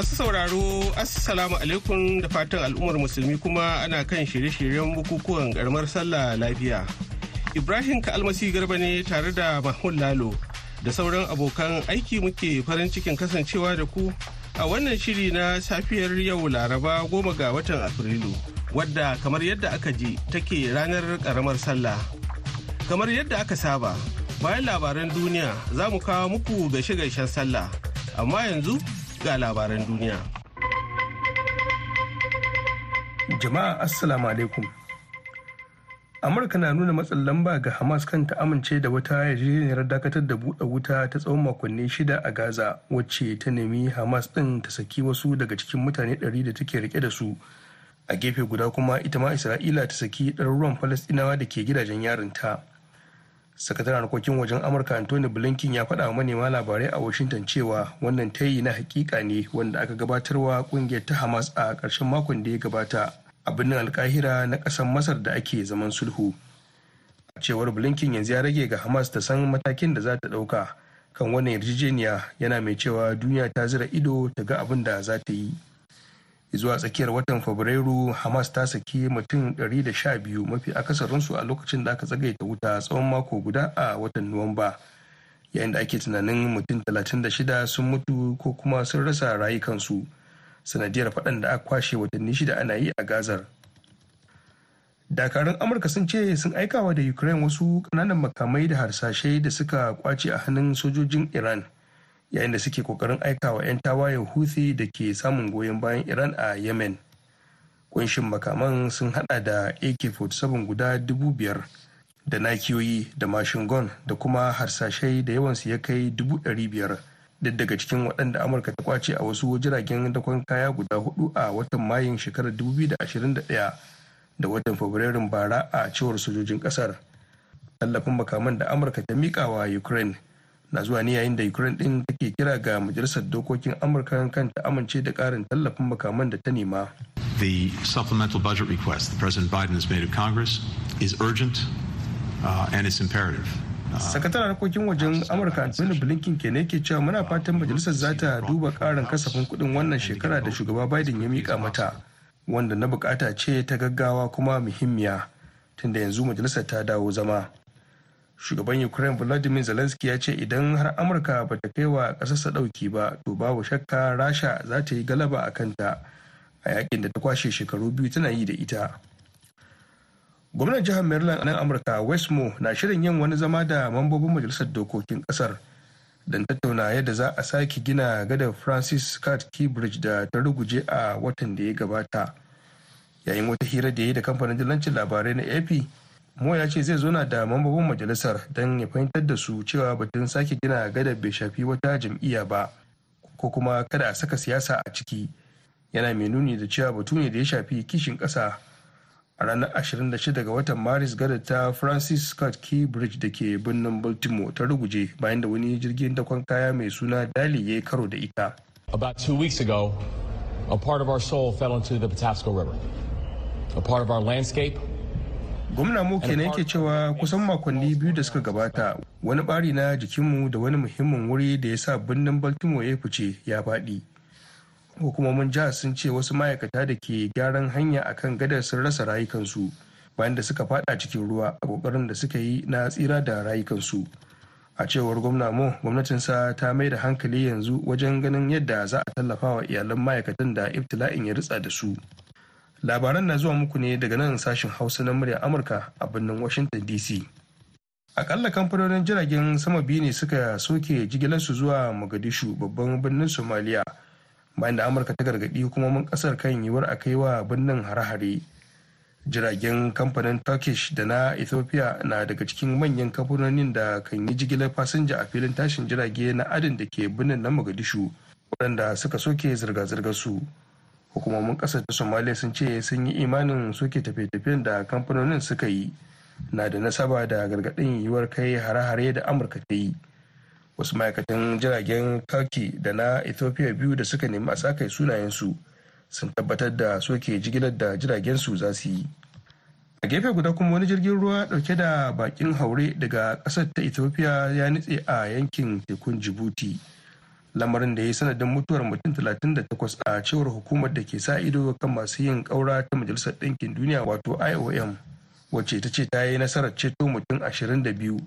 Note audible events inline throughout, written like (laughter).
Masu sauraro, Assalamu alaikum da fatan al'ummar musulmi kuma ana kan shirye-shiryen bukukuwan karamar sallah lafiya. Ibrahim Kalmasi Garba ne tare da Mahmud Lalo da sauran abokan aiki muke farin cikin kasancewa da ku a wannan shiri na safiyar yau Laraba goma ga watan Afrilu, wadda kamar yadda aka je take ranar karamar sallah. Kamar yadda aka saba, bayan labaran duniya za mu kawo muku gaishe-gaishen sallah, amma yanzu ga labaran duniya. Jama'a Assalamu alaikum. Amurka na nuna matsin lamba ga Hamas kan ta amince da wata yarjejeniyar dakatar da buɗe wuta ta tsawon makonni shida a Gaza wacce ta nemi Hamas ɗin ta saki wasu daga cikin mutane ɗari da take rike da su. A gefe guda kuma ita ma Isra'ila ta saki ɗaruruwan Falasɗinawa da ke gidajen yarinta. ta. sakataren harkokin wajen amurka antony blinken ya faɗa manema labarai a washington cewa wannan tayi na hakika ne wanda aka gabatarwa kungiyar ta hamas a ƙarshen makon da ya gabata a birnin alkahira na ƙasar masar da ake zaman sulhu a cewar blinken yanzu ya rage ga hamas ta san matakin da za ta ɗauka kan wannan yarjejeniya yana mai cewa duniya ta zira ido ta ga abin da za ta yi zuwa tsakiyar watan fabrairu hamas ta saki mutum 112 mafi akasarinsu a lokacin da aka tsagaita wuta tsawon mako guda a watan nuwamba yayin da ake tunanin mutum 36 sun mutu ko kuma sun rasa rayukansu sanadiyar faɗan da aka kwashe watanni shida ana yi a gazar dakarun amurka sun ce sun aikawa da ukraine wasu ƙananan makamai da harsashai da suka kwace a hannun sojojin iran yayin da suke kokarin aikawa 'yan tawayen houthi da ke samun goyon bayan iran a yemen kunshin makaman sun hada da ak-47 guda 5,000 da nakiyoyi da mashin mashingon da kuma harsashai da yawansu ya kai 500 duk daga cikin waɗanda amurka ta kwace a wasu jiragen dakon kaya guda hudu a watan mayun shekarar 2021 da watan fabrairun bara a cewar sojojin ƙasar tallafin makaman da amurka ta mikawa ukraine na zuwa ne yayin da ukraine din take kira ga majalisar dokokin amurka kan ta amince da karin tallafin makaman da ta nema the supplemental budget request the president biden has made of congress is urgent uh, and it's imperative uh, sakataren harkokin wajen amurka antony blinken ke ne ke cewa muna fatan majalisar za ta duba karin kasafin kudin wannan shekara da shugaba biden ya mika mata wanda na bukata ce ta gaggawa kuma muhimmiya tunda yanzu majalisar ta dawo zama shugaban ukraine vladimir zelensky ya ce idan har amurka ba ta kai wa ƙasarsa ɗauki ba to babu shakka rasha za ta yi galaba a kanta a yakin da ta kwashe shekaru biyu tana yi da ita gwamnan jihar maryland a nan amurka westmo na shirin yin wani zama da mambobin majalisar dokokin kasar don tattauna yadda za a sake gina gadar francis scott keybridge da ta ruguje a watan da ya gabata yayin wata hira da ya yi da kamfanin dillancin labarai na ap mo ya ce zai zo na da mambobin majalisar don ya fahimtar da su cewa batun sake gina gadar bai shafi wata jam'iyya ba ko kuma kada a saka siyasa a ciki yana mai nuni da cewa batu ne da ya shafi kishin ƙasa a ranar 26 ga watan maris gadar ta francis scott key bridge da ke birnin baltimore ta ruguje bayan da wani jirgin dakon kaya mai suna dali ya karo da ita about two weeks ago a part of our soul fell into the patasco river a part of our landscape gwamna mu kenan yake cewa kusan makonni biyu da suka gabata wani bari na jikinmu da wani muhimmin wuri da ya sa birnin baltimore ya fice ya faɗi hukumomin jihar sun ce wasu ma'aikata da ke gyaran hanya akan gadar sun rasa rayukansu bayan da suka fada cikin ruwa a kokarin da suka yi na tsira da rayukansu a cewar gwamna mo gwamnatinsa ta mai da hankali yanzu wajen ganin yadda za a tallafa wa iyalan ma'aikatan da ibtila'in ya ritsa da su labaran na zuwa muku ne daga nan sashen hausa na murya amurka a birnin washington dc akalla kamfanonin jiragen sama biyu ne suka soke jigilarsu zuwa magadishu babban birnin somaliya bayan da amurka ta gargaɗi hukumomin ƙasar kan yiwuwar a kai wa birnin hare-hare jiragen kamfanin turkish da na ethiopia na daga cikin manyan kamfanonin da kan yi jigilar fasinja a filin tashin jirage na adin da ke birnin na mogadishu waɗanda suka soke zirga-zirgar su hukumomin kasar ta somaliya sun ce sun yi imanin suke tafiye-tafiyen da kamfanonin suka yi na da nasaba da gargaɗin yiwuwar kai hare-hare da amurka ta yi wasu ma'aikatan jiragen kaki da na ethiopia biyu da suka nemi a sakai sunayensu sun tabbatar da soke jigilar da jiragen su za su yi a gefe guda kuma wani jirgin ruwa dauke da bakin haure daga kasar ta ethiopia ya nitse a yankin tekun djibouti lamarin da ya yi sanadin mutuwar mutum 38 a cewar hukumar da ke sa ido kan masu yin ƙaura ta majalisar ɗinkin duniya wato iom wacce ta ce ta yi nasarar ceto mutum 22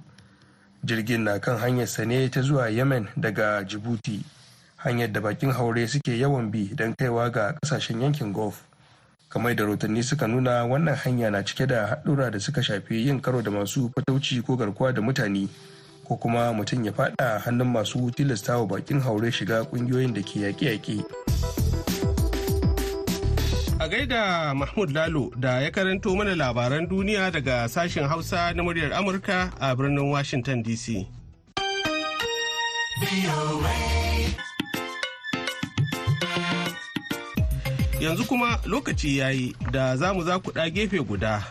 jirgin na kan hanyar sane ta zuwa yemen daga jibuti hanyar da bakin haure suke yawan bi don kaiwa ga kasashen yankin gulf kamar da rotanni suka nuna wannan hanya na cike da haɗura da suka shafi yin karo da masu fatauci ko garkuwa da mutane ko kuma mutum ya fada hannun masu tilasta wa bakin haure shiga kungiyoyin da ke yaƙe yaƙi A gaida Mahmud Lalo da ya karanto mana labaran duniya daga sashen Hausa na muryar Amurka a birnin Washington DC. Yanzu kuma lokaci yayi da za mu za ku ɗa gefe guda.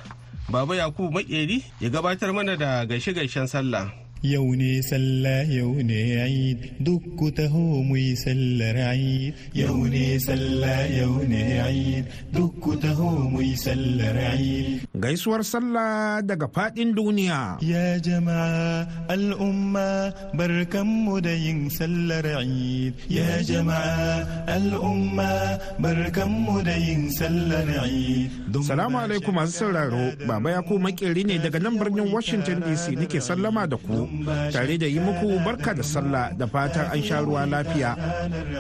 Baba Yakubu Makeri ya gabatar mana da gaishe-gaishen sallah. yau ne sallah yau ne aid duk ku taho mu yi sallar aid yau ne sallah yau ne aid duk ku taho mu yi sallar aid gaisuwar sallah daga fadin duniya ya jama'a al'umma barkanmu da yin sallar aid ya jama'a al'umma barkanmu da yin sallar aid salamu alaikum masu sauraro baba ya ko makeri ne daga nan birnin washington dc nake sallama da ku tare da yi muku barka da sallah da fatan an sha ruwa lafiya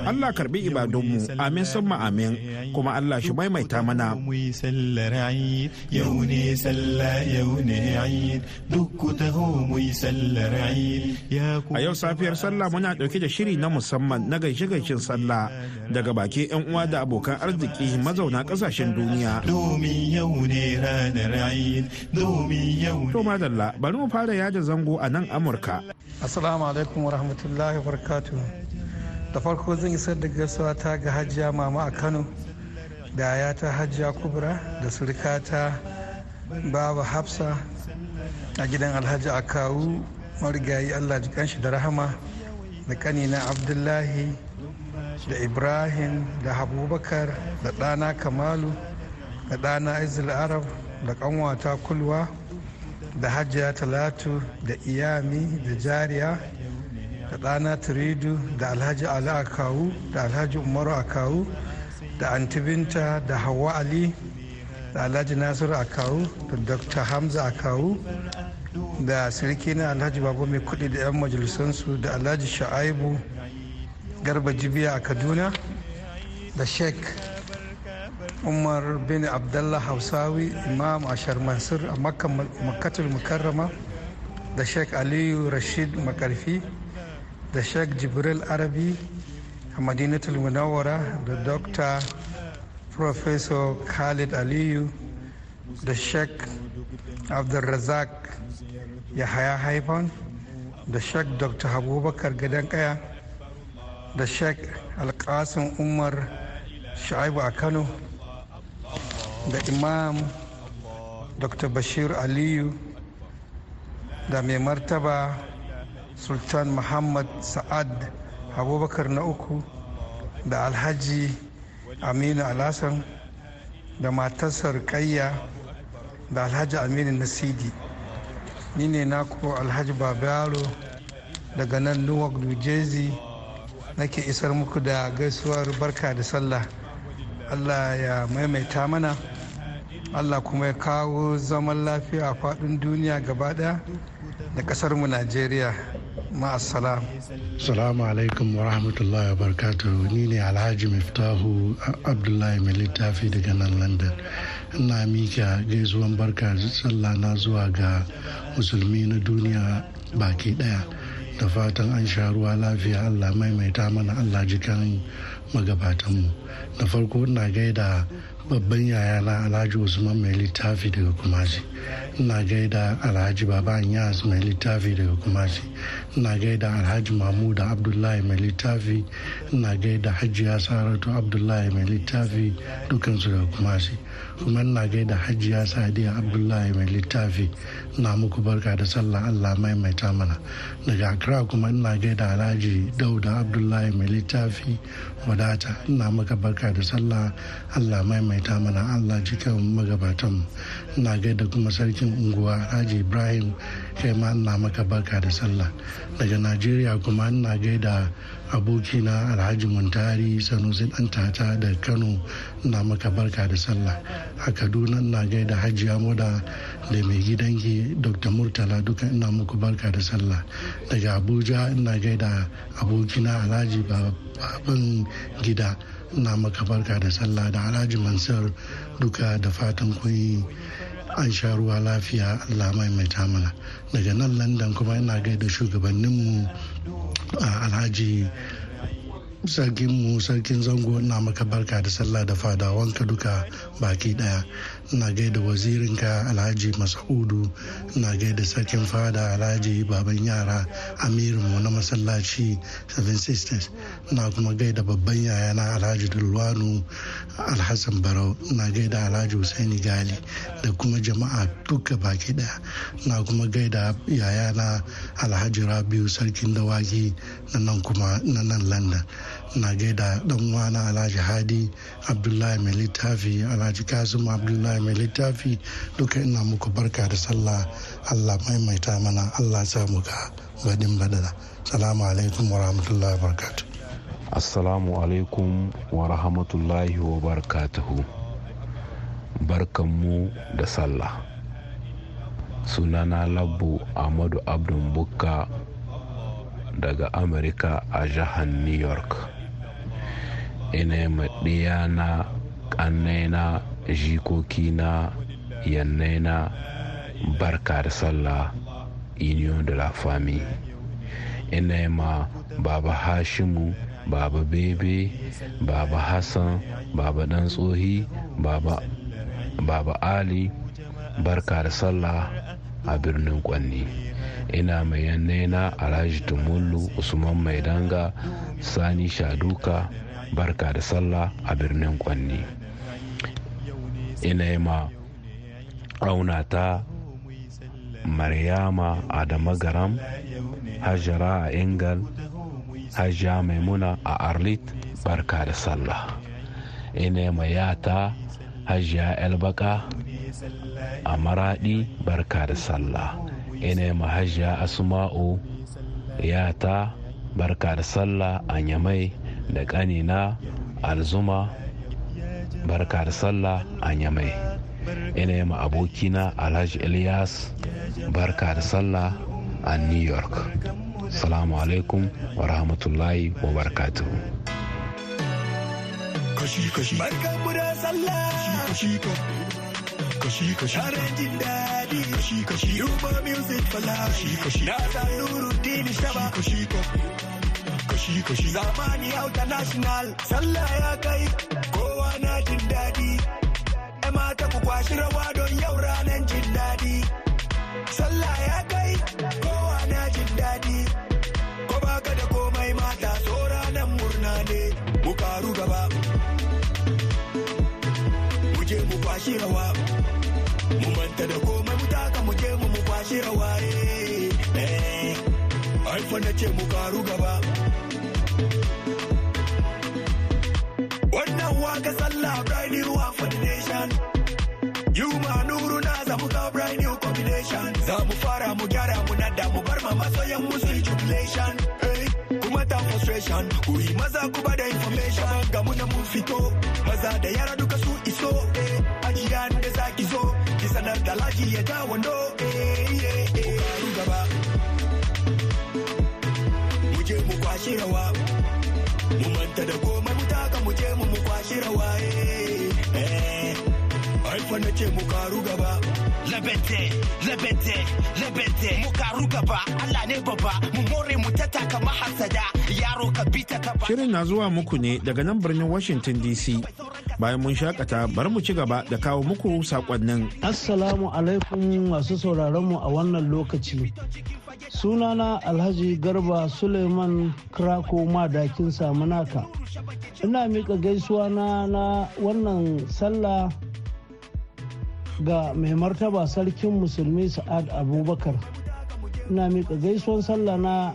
Allah karbi ibadunmu amin summa amin kuma Allah shi maimaita mana a yau safiyar sallah muna ɗauke da shiri na musamman na gaishe-gaishen sallah daga baki 'yan uwa da abokan arziki mazauna kasashen duniya domin bari mu fara yada zango a nan a amurka assalamu alaikum warahmatullahi wabarakatuh da farko zan isar da gaisuwa ta ga hajiya mama a kano da ta hajiya kubra da surikata baba hafsa a gidan alhaji akawu marigayi allah jikan kanshi da rahama da kanina abdullahi da ibrahim da abubakar da ɗana kamalu da ɗana izil arab da ƙanwata kulwa da hajiya talatu da iyami da jariya da ɗana turidu da alhaji ali akawu da alhaji umaru akawu da antibinta da hawa ali da alhaji nasiru akawu da dr hamza akawu da na alhaji babu mai kudi da 'yan majalisansu da alhaji sha'aibu garba jibiya a kaduna da sheikh umar bin abdullah hausawi imam ashar mansur a makkatul mukarrama da sheikh aliyu rashid makarfi da sheikh jibril arabi a madinatul munawara da dr professor khalid aliyu da sheikh abdulrazak yahaya haifan da sheikh dr abubakar gadon kaya da sheikh alkasin umar shaibu a kano da imam dr bashir aliyu da mai martaba sultan muhammad sa'ad abubakar na uku da alhaji aminu alhassan da matasar kayya da alhaji aminu nasidi ni ne naku alhaji babalo daga nan newark new jersey nake isar muku da gaisuwar barka da sallah allah ya maimaita mana allah kuma ya kawo zaman lafiya a faɗin duniya gaba ɗaya da ƙasar mu najeriya ma'asalam salamu alaikum wa rahmatullahi wa barkatu ni ne alhaji miftahu abdullahi mai littafi daga nan london ina mika gaisuwan barka sallah na zuwa ga musulmi na duniya baki ɗaya da fatan an sha ruwa lafiya allah maimaita mana allah jikan magabatanmu da farko ina gaida babban yaya na alhaji usman mai littafi daga Kumasi? na gaida alhaji baban yaz mai littafi daga Kumasi? na gaida alhaji mahmud abdullahi mai littafi na gaida hajiya saratu abdullahi mai littafi dukansu daga Kumasi? kuma ina gaida hajiya sadiya abdullahi mai littafi na muku barka da sallah allah maimaita mana daga accra kuma ina gaida alhaji dauda abdullahi mai littafi wadata ina maka barka da sallah allah maimaita mana allah jikan magabatan ina gaida kuma sarkin unguwa alhaji ibrahim kai ma ina maka barka da sallah daga najeriya kuma ina gaida abokina alhaji muntari sanusi dan tata da kano na maka barka da sallah a kaduna ina gaida hajiya moda da mai gidanki dr murtala duka ina muku barka da sallah daga abuja ina gaida abokina alhaji baban gida na maka barka da sallah da alhaji mansur duka da fatan kun an sha ruwa lafiya Allah maimaita mana daga nan london kuma ina gaida shugabanninmu a alhaji sarkin mu sarkin zango na maka barka da sallah da wanka duka baki daya na gaida wazirinka alhaji masahudu na gaida sarkin fada alhaji baban yara amirinmu na masallaci seven sisters ina kuma gaida babban yayana alhaji dulwanu alhassan barau ina gaida alhaji husaini gali da kuma jama'a duka baki daya na kuma gaida yayana alhaji rabiu sarkin dawaki na nan kuma na nan london na gaida dan wana alhaji hadi abdullahi mai littafi alhaji kasim abdullahi mai littafi duka ina muku barka da sallah allah maimaita mana allah sa muka gadin badada salamu alaikum wa rahmatullahi wa assalamu alaikum wa rahmatullahi wa barakatuhu barkanmu da sallah sunana labbu ahmadu abdul bukka daga Amurika a jihar new york ina maɗiya na ƙannaina na yannaina barka da sallah union de la famille ina ma baba hashimu baba bebe baba hassan baba dan tsohi baba, ali barka da sallah a birnin kwanni ina mai yanne na alhaji tumullu usman maidanga sani shaduka barka da sallah a birnin kwanni ina ma aunata maryama adama garam hajjara a ingal hajja maimuna a arlit barka da sallah ina ma yata hajja elbaka a maradi barka da sallah ina ma hajja asma'u yata barka da sallah a nyamai da ƙanina alzuma barka da sallah a yamai ina ma abokina alhaji elias barka da sallah a new york salamu alaikum wa rahmatullahi wa barkatu. kashi-kashi sallah kashi-kashi kashi daɗi kashi kashi kashi na kashi kashi zamani auta national sallah ya kai kowa na jin daɗi e mata ku kwashi rawa don yau ranar jin daɗi sallah ya kai kowa na jin daɗi ko baka da komai mata so ranar murna ne mu karu gaba mu je mu kwashi rawa mu manta da komai mu taka mu je mu mu kwashi rawa eh, eh. ai fa na ce mu karu gaba mu fara mu gyara mu nada mu bar ma masoyan mu su jubilation eh, kuma ta frustration ku yi maza ku ba da information ga mu na mun fito maza da yara duka su iso eh ajiya da za ki zo ki sanar da laji ya ta wando eh, eh. gaba mu je mu kwashi rawa mu manta da komai mu taka mu je mu mu kwashi rawa fa nake mu karu gaba labente labente labente mu karu gaba Allah ne baba mu more mu ta taka mahasada yaro ka bita ka ba shirin na zuwa muku ne daga nan birnin Washington DC bayan mun shakata bar mu ci gaba da kawo muku sakonnin assalamu alaikum masu sauraron mu a wannan lokaci sunana alhaji garba suleiman krako madakin samunaka ina mika gaisuwa na wannan sallah ga mai martaba sarkin musulmi sa'ad abubakar na miƙa gaisuwan sallah na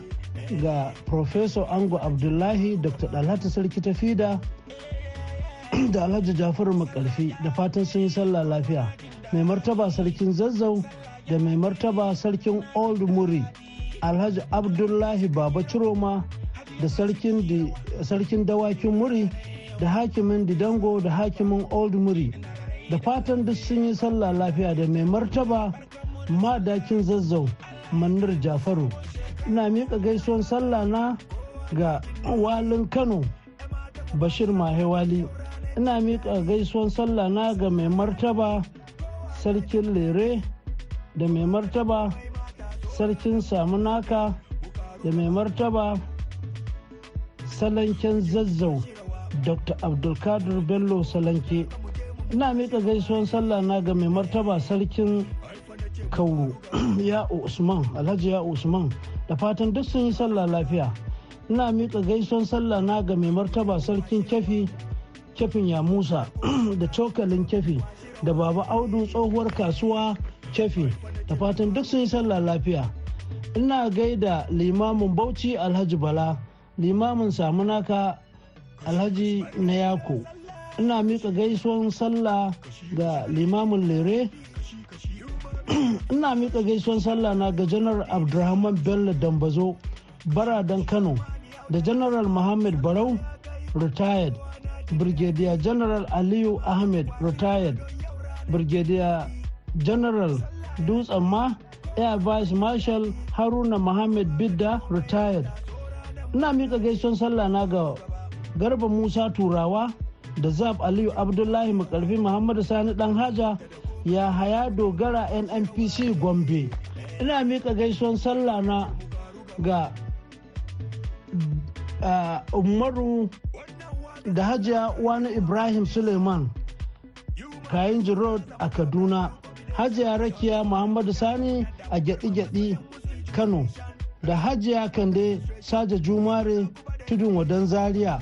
ga profesor ango abdullahi dr dalhatu sarki tafida (clears throat) da alhaji jafaru makarfi da fatan sun yi sallah lafiya mai martaba sarkin zazzau da mai martaba sarkin old muri alhaji abdullahi baba ciroma da sarkin dawakin muri da hakimin didango da hakimin old muri da fatan duk sun yi sallah lafiya da mai martaba madakin zazzau manir jafaru ina miƙa gaisuwan sallah na ga walin kano bashir mahewali ina miƙa gaisuwan sallah na ga mai martaba sarkin lere da mai martaba sarkin samunaka da mai martaba salanken zazzau dr abdulkadir bello salanke ina miƙa gaisuwan sallah na ga mai martaba sarkin kauru (clears throat) ya usman alhaji ya usman da fatan duk sun yi sallah lafiya ina miƙa gaisuwan sallah na ga mai martaba sarkin kefi kefin ya musa (clears throat) da cokalin kefi da baba audu tsohuwar kasuwa kefi da fatan duk sun yi sallah lafiya ina gaida limamin bauchi alhaji bala limamin samunaka alhaji na yako ina mika gaisuwan sallah ga limamin lere ina mika gaisuwan sallah na ga janar abdulrahman bello dambazo baradan kano da Janaral muhammad barau retired brigadier general aliyu ahmed retired brigadier general dutsen ma air vice marshal haruna muhammad bidda retired ina mika gaisuwan sallah na ga garba musa turawa da zab aliyu abdullahi makarfi muhammadu sani dan haja ya haya dogara nnpc gombe ina mika gaisuwan sallah na ga umaru da hajiya wani ibrahim suleiman kayan road a kaduna hajiya rakiya muhammadu sani a gyaɗi-gyaɗi kano da hajiya kande saja jumare tudun wadan zaria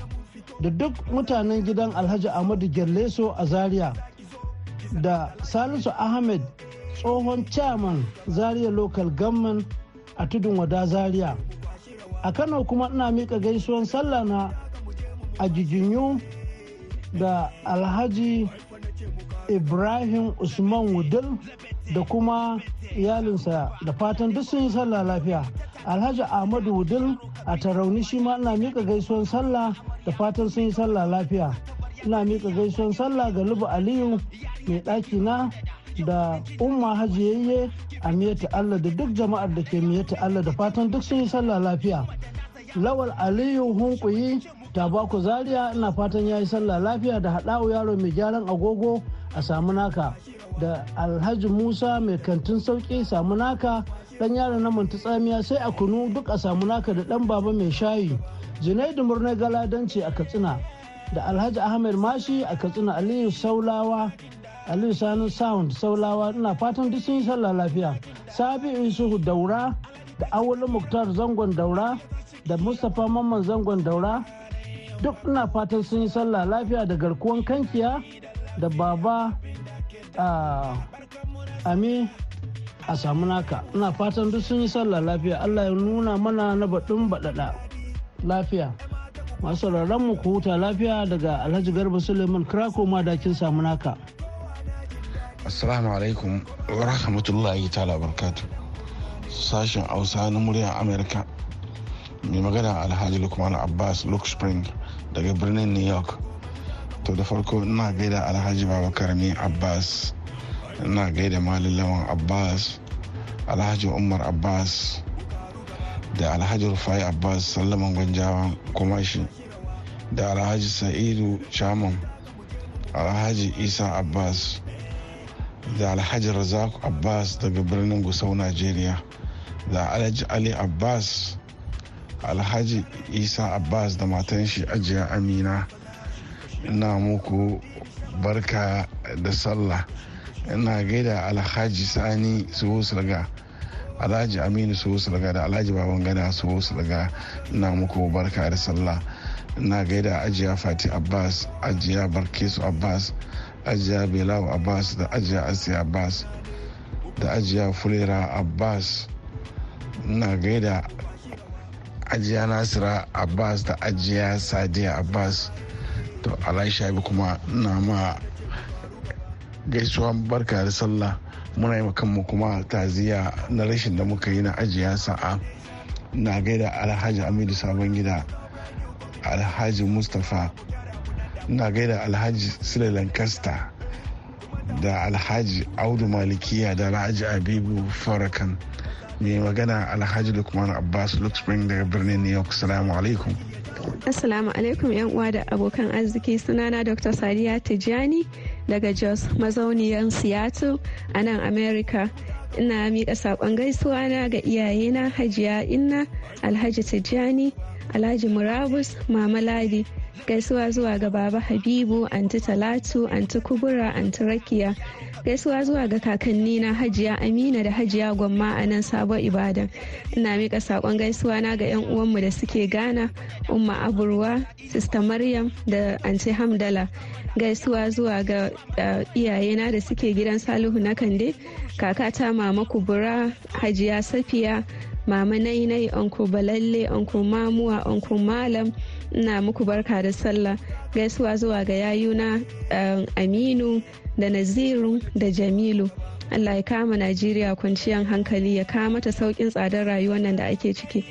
da duk mutanen gidan alhaji ahmadu Gerleso a zaria da salisu ahmed tsohon chairman zaria local government a tudun wada zaria a kano kuma ina mika gaisuwan sallah na a da alhaji ibrahim usman wudil da kuma iyalinsa da fatan duk sun yi sallah lafiya alhaji ahmadu wudil a tarauni shi ma ina miƙa gaisuwan sallah da fatan sun yi sallah lafiya ina mika gaisuwan sallah ga lubu aliyu mai ɗaki na da umma hajiyayye a miyata allah da duk jama'ar da ke miyata allah da fatan duk sun yi sallah lafiya lawal aliyu hunkuyi tabako zaria ina fatan ya yi sallah lafiya da haɗa'u yaro mai gyaran agogo a samu naka da alhaji musa mai kantin sauki samu naka dan yaro na manta tsamiya sai a kunu duk a samu naka da dan baba mai shayi junaidu murnar galadanci a katsina da alhaji ahmed mashi a katsina aliyu saulawa aliyu sound saulawa ina fatan duk sun yi sallah lafiya sabi isuhu daura da awali muktar zangon daura da mustapha mamman zangon daura duk ina fatan sun yi sallah lafiya da garkuwan kankiya da baba Ah, amin a samu naka ina fatan duk sun yi sallah lafiya allah ya nuna mana na baɗin baɗaɗa lafiya masu mu ku huta lafiya daga alhaji garba suleiman krako madakin samu naka assalamu alaikum wa rahmatullahi ta'ala barkatu sashen hausa na muryar amurka mai magana alhaji lukman abbas luke spring daga birnin new york to da farko ina gaida alhaji babakar mi abbas ina gaida lawan abbas alhaji umar abbas da alhaji rufai abbas sallaman gwanjawa kumashi da alhaji sa'idu shaman alhaji isa abbas da alhaji razak abbas daga birnin gusau nigeria da alhaji ali abbas alhaji isa abbas da matan shi ajiya amina ina muku barka da sallah ina gaida alhaji sani suwo sulga alhaji aminu suwo sulga da alhaji baban su suwo sulga ina muku barka da sallah ina gaida ajiya fati abbas ajiya barkesu abbas ajiya belawo abbas da ajiya asiya abbas da ajiya fulera abbas na gaida ajiya nasira abbas da ajiya sadiya abbas to alai shabi kuma na ma gaisuwa barka da sallah muna yi kanmu kuma taziya na rashin da muka yi na ajiya sa'a na gaida alhaji amidu sabon gida alhaji mustapha na gaida alhaji sule lancaster da alhaji audu malikiya da alhaji abibu farakan mai magana alhaji lukman abbas luke daga birnin new york salamu alaikum assalamu alaikum yan uwa da abokan arziki sunana dr sadiya tijani daga jos mazauniyar siyatu a nan america ina miƙa saƙon gaisuwa na ga iyayena hajiya inna alhaji tijani alhaji murabus mama ladi gaisuwa zuwa ga baba habibu anti talatu anti kubura anti rakiya gaisuwa zuwa ga kakanni na hajiya amina da hajiya gwamma a nan sabon ibadan ina mika sakon gaisuwa na ga yan uwanmu da suke gana umma aburwa sista maryam da anti hamdala gaisuwa zuwa ga eh, iyayena da suke gidan salihu na kande kakata mama kubura hajiya safiya mama nainai onko balalle onko mamuwa onko malam ina muku barka da sallah gaisuwa zuwa ga yayuna um, aminu da naziru da jamilu allah ya kama najeriya kwanciyar hankali ya kama mata saukin tsadar rayuwar nan da ake ciki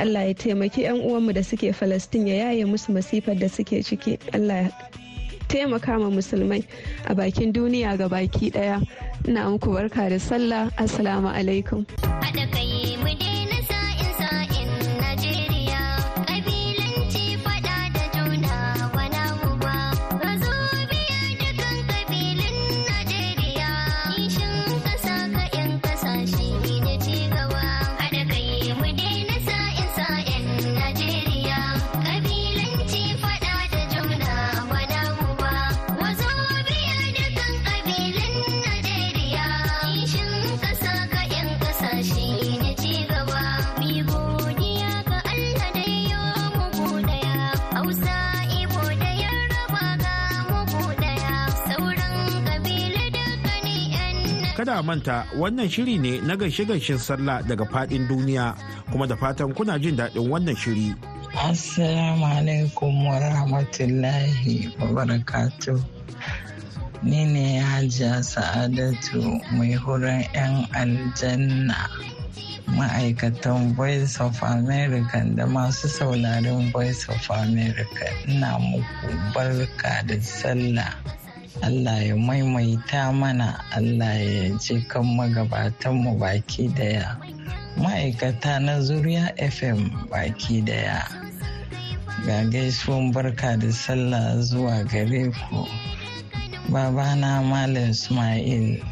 allah ya taimaki 'yan uwanmu da suke falastin ya yaye musu masifar da suke ciki allah ya taimaka ma musulmai a bakin duniya ga baki daya ina muku barka da sallah assalamu alaikum kada manta wannan shiri ne na gaishe-gaishen sallah daga fadin duniya kuma da fatan kuna jin daɗin wannan shiri. Assalamu alaikum wa rahmatullahi wa barakatu. Ni ne Hajiya Sa'adatu mai horon 'yan aljanna ma'aikatan Voice of America da masu saurarin Voice of America ina muku barka da sallah. Allah ya maimaita mana Allah ya je kan magabatanmu baki daya ma'aikata na zuriya fm baki daya ga gaisuwan barka da sallah zuwa gare ku babana malam ismail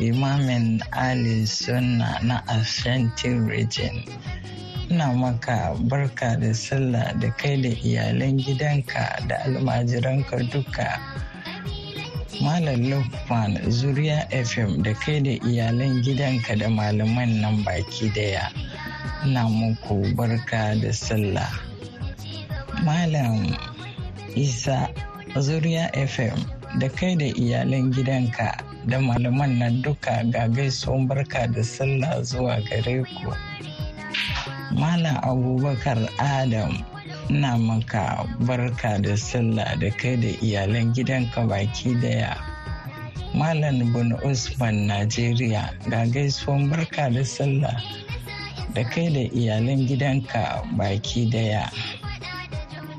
imamin ali sunna na ashanti region ina maka barka da sallah da kai da iyalan gidanka da almajiranka duka Malam Lukman Zuriya FM da kai da iyalan gidanka da malaman nan baki daya. na muku barka da sallah. Malam Isa Zuriya FM da kai da iyalan gidanka da malaman nan duka ga gaisuwan barka da sallah zuwa gare ku. Malam Abubakar Adam ina maka barka da sallah da kai da iyalan gidanka baki daya malam bin usman najeriya ga gaisuwan barka da sallah da kai da iyalan gidanka baki daya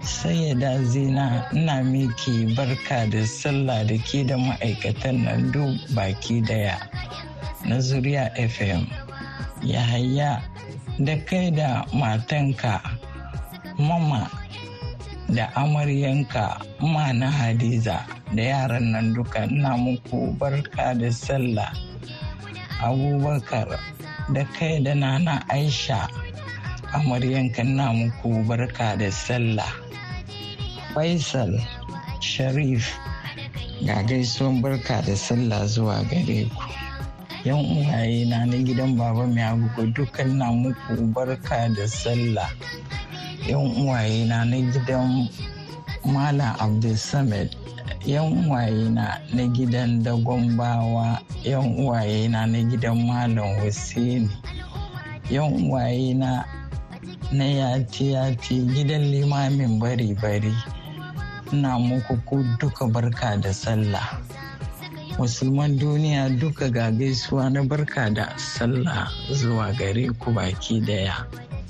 sai da zina ina miki barka da sallah da ke da ma'aikatan nan duk baki daya na zuriya fm yahaya da kai da matanka mama da amaryanka na hadiza da yaran nan duka ina muku barka da sallah abubakar da kai da nana aisha amaryanka ina muku barka da sallah faisal sharif ga gaisuwan barka da sallah zuwa gare ku yan uwaye na na gidan baba mai agogo dukkan na muku barka da sallah yan uwaye na na gidan malam abdulsamid yan uwaye na na gidan dagon bawa yan uwaye na na gidan malam hussaini yan uwaye na na yati-yati gidan limamin bari-bari na muku ku duka barka da sallah musulman duniya duka ga gaisuwa na barka da sallah zuwa gare ku baki daya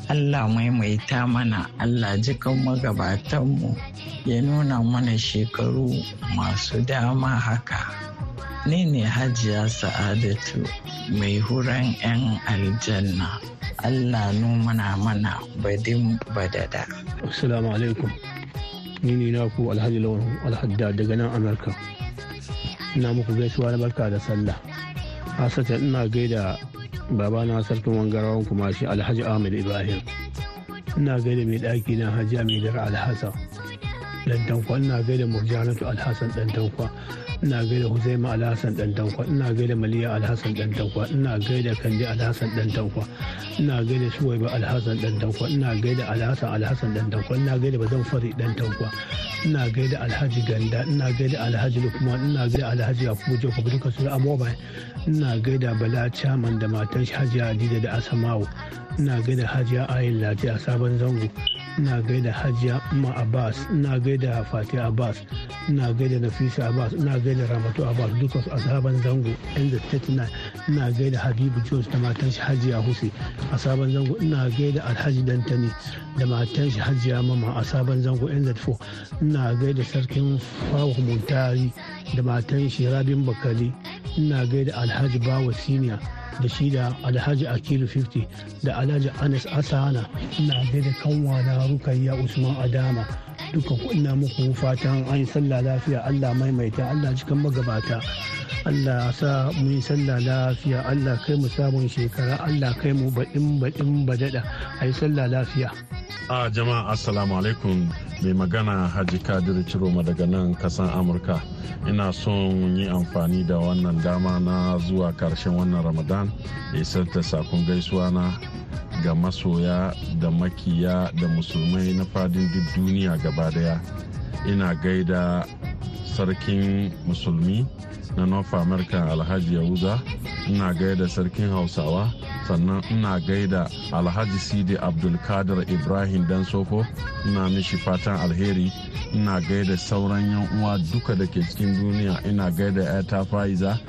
Allah maimaita mana Allah jikan magabatanmu ya nuna mana shekaru masu dama haka. Ni ne hajiya sa'adatu mai huran 'yan aljanna. Allah numana mana badin badada. Assalamu alaikum. Ni ne na ku alhaji lawan alhadda daga nan Amurka. Ina muku gaisuwa na barka da sallah. Hasata ina gaida babana sarkin wangarawan kuma shi alhaji ahmed ibrahim ina gaida mai ɗaki na hajji amidar alhassan dan tankwa ina gaida murjanatu alhassan dan tankwa ina gaida Huzaima Alhassan dan Tankwa ina gaida Maliya Alhassan dan Tankwa ina gaida a Alhassan dan Tankwa ina gaida Suwaiba Alhassan dan Tankwa ina gaida Alhassan Alhassan dan Tankwa ina gaida Bazan Fari dan Tankwa ina gaida Alhaji Ganda ina gaida Alhaji Lukman ina gaida Alhaji Yakubu Joko duka su Amoba ina gaida Bala Chaman da matan Hajiya Adida da Asamawu ina gaida Hajiya Ayin Lafiya Sabon Zango ina gaida hajiya umma abbas ina gaida fati abbas na gaida nafisa abbas ina gaida ramatu abbas dukkan su asaban zango yan 39 ina gaida habibu jones da matan shi hajiya husi asaban zango ina gaida alhaji dantani da matan shi hajiya mama asaban zango yan 4 ina gaida sarkin fawo muntari da matan shi rabin bakali ina gaida alhaji bawa siniya da shi da alhaji akilu 50 da alhaji anas asana ina gaida kanwa na rukayya usman adama duka ina muku fatan an yi sallah lafiya Allah maimaita Allah cikin magabata Allah sa mun yi sallah lafiya Allah kai mu sabon shekara Allah kai mu baɗin baɗin badada a yi sallah lafiya. A jama'a assalamu alaikum mai magana Haji Kadir Ciroma daga nan kasan Amurka ina son yi amfani da wannan dama na zuwa karshen wannan Ramadan da isar ta sakon gaisuwa na ga masoya da makiya da musulmai na fadin duk duniya gaba daya ina gaida sarkin musulmi na north america alhaji yahuza ina gaida sarkin hausawa sannan ina gaida alhaji sidi abdulkadir ibrahim dan soko ina mishi fatan alheri ina gaida sauran yan uwa duka da ke cikin duniya ina gaida yata faiza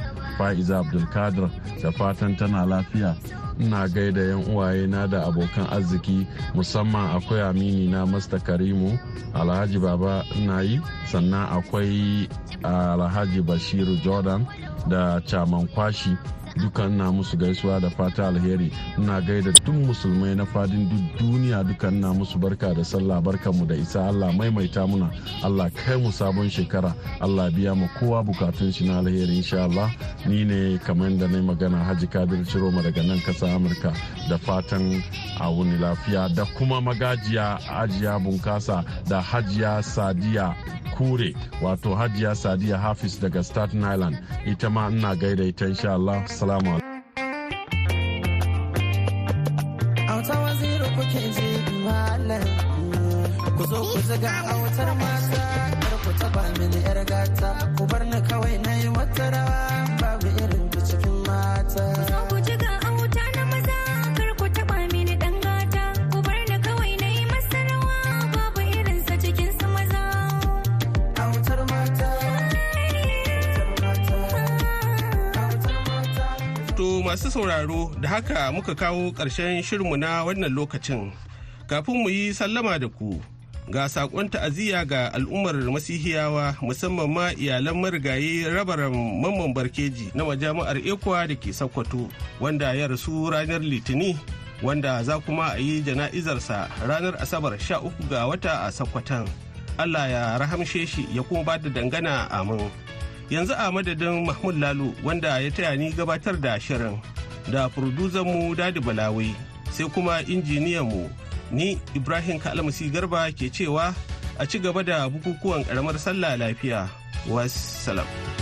fa'iza abdulkadir da fatan tana lafiya ina gaida yan uwaye na da abokan arziki musamman akwai amini na masta karimu alhaji baba nayi sannan akwai ah, alhaji bashiru jordan da caman kwashi duka na musu gaisuwa da fata alheri ina gaida tun musulmai na fadin duk duniya duka na musu barka da sallah barka mu da isa Allah maimaita muna Allah kai mu sabon shekara Allah biya mu kowa bukatun shi na alheri insha Allah ni ne kamar da na magana Haji Kadir ma daga nan kasa Amurka da fatan a wuni lafiya da kuma magajiya ajiya bunkasa da hajiya sadiya kure wato hajiya sadiya hafis daga staten island ita ma ina gaida ita insha Allah Assalamu alaikum. kuke je ku zo ku zaga a wutar masu sauraro da haka muka kawo ƙarshen shirinmu na wannan lokacin. Kafin mu yi sallama da ku, ga saƙon ta'aziyya ga al'ummar masihiyawa musamman ma iyalan marigayi rabaran mamman barkeji na majami'ar Ekwa da ke Sokoto, wanda ya rasu ranar Litini, wanda za kuma a yi jana'izarsa ranar Asabar sha uku ga wata a Sokoton. Allah ya rahamshe shi ya kuma ba da dangana amin. yanzu a madadin mahmud lalo wanda ya taya ni gabatar da shirin da mu dadi balawai sai kuma injiniyan mu ni ibrahim kalmasi garba ke cewa a ci gaba da bukukuwan karamar sallah lafiya wasu